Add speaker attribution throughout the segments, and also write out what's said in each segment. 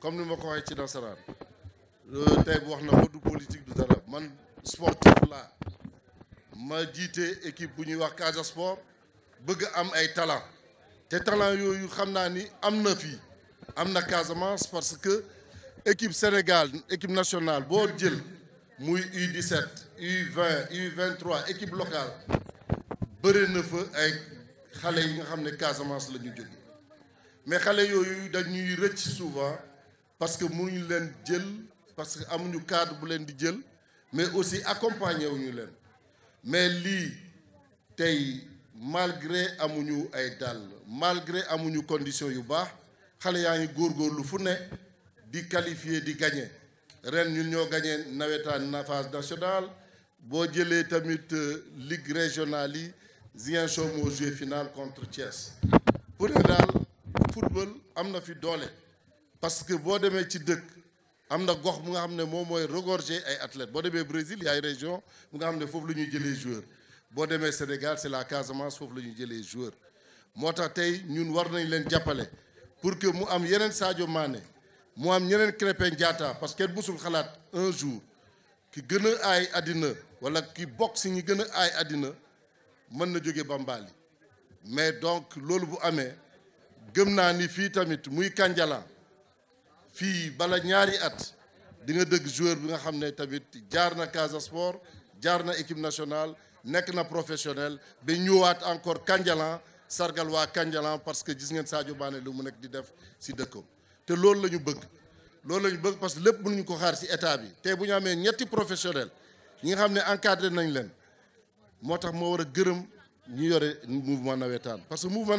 Speaker 1: comme nous ma ko dans ci nasaraan tey bu wax na du politique du dara man sportif la ma jiite équipe bu ñuy wax Casa Sport bëgg am ay talent té talent yoyu xamna ni am fi amna Casamance parce que équipe Sénégal équipe nationale bo jël muy U17 U20 U23 équipe locale bëri na fa ay xalé yi nga xamné Casamance lañu mais xale yooyu dañuy rëcc souvent parce que mënuñu leen parce que amuñu cadre bu len di mais aussi accompagner wuñu len mais li tay malgré amuñu ay dal malgré amuñu condition yu baax xale yaa gor góorgóorlu fu ne di qualifier di gagner ren ñun ñoo gagner nawetaan na phase nationale bo jëlé tamit euh, ligue régionale yi Ziguinchor moo joué final contre Thiès pour dal football amna fi doole parce que bo demee ci deuk amna na gox bu nga xam ne moy regorger ay athlètes bo demee Brésil yaay région bu nga xam ne foofu la les joueurs. joueur boo demee Sénégal c'est la Casamance foofu la ñuy les joueurs. moo tax ñun war nañ leen jappalé pour que mu am yenen Sadio Mané mu am yenen Krépin Diatta parce que kenn musul un jour ki gëna ay adina wala ki boxing si ñi gën a aay mën na joggé Bambali mais donc lolu bu amé gëm naa ni fii tamit muy Kanjala fii bala ñaari at di nga dëgg joueur bi nga xam ne tamit jaar na Casa Sport jaar na équipe nationale nekk na professionnel ba ñëwaat encore kanjalan sargal waa Kanjala parce que gis ngeen Sadio Mané lu mu nekk di def si dëkkam te loolu la ñu bëgg loolu la ñu parce que lépp mënuñu ko xaar si état bi te bu ñu amee ñetti professionnel ñi nga xam ne encadré nañ leen moo tax moo war a gërëm ñu yore mouvement nawetaan parce que mouvement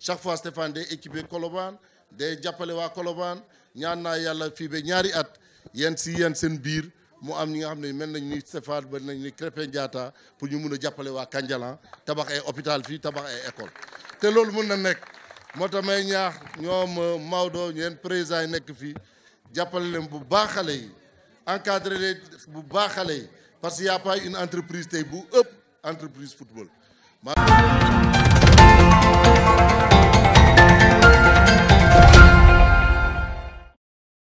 Speaker 1: chaque fois Stéphane est équipé coloban, des jàppale wa Koloban à ñaari at yensi si bir. mu am ñi nga mel nañ ni Stéphane ni pour ñu mëna a wa tabax hôpital tabax ay école loolu ñaax euh, ñeen président bu parce qu'il y a pas une entreprise tay bu entreprise football.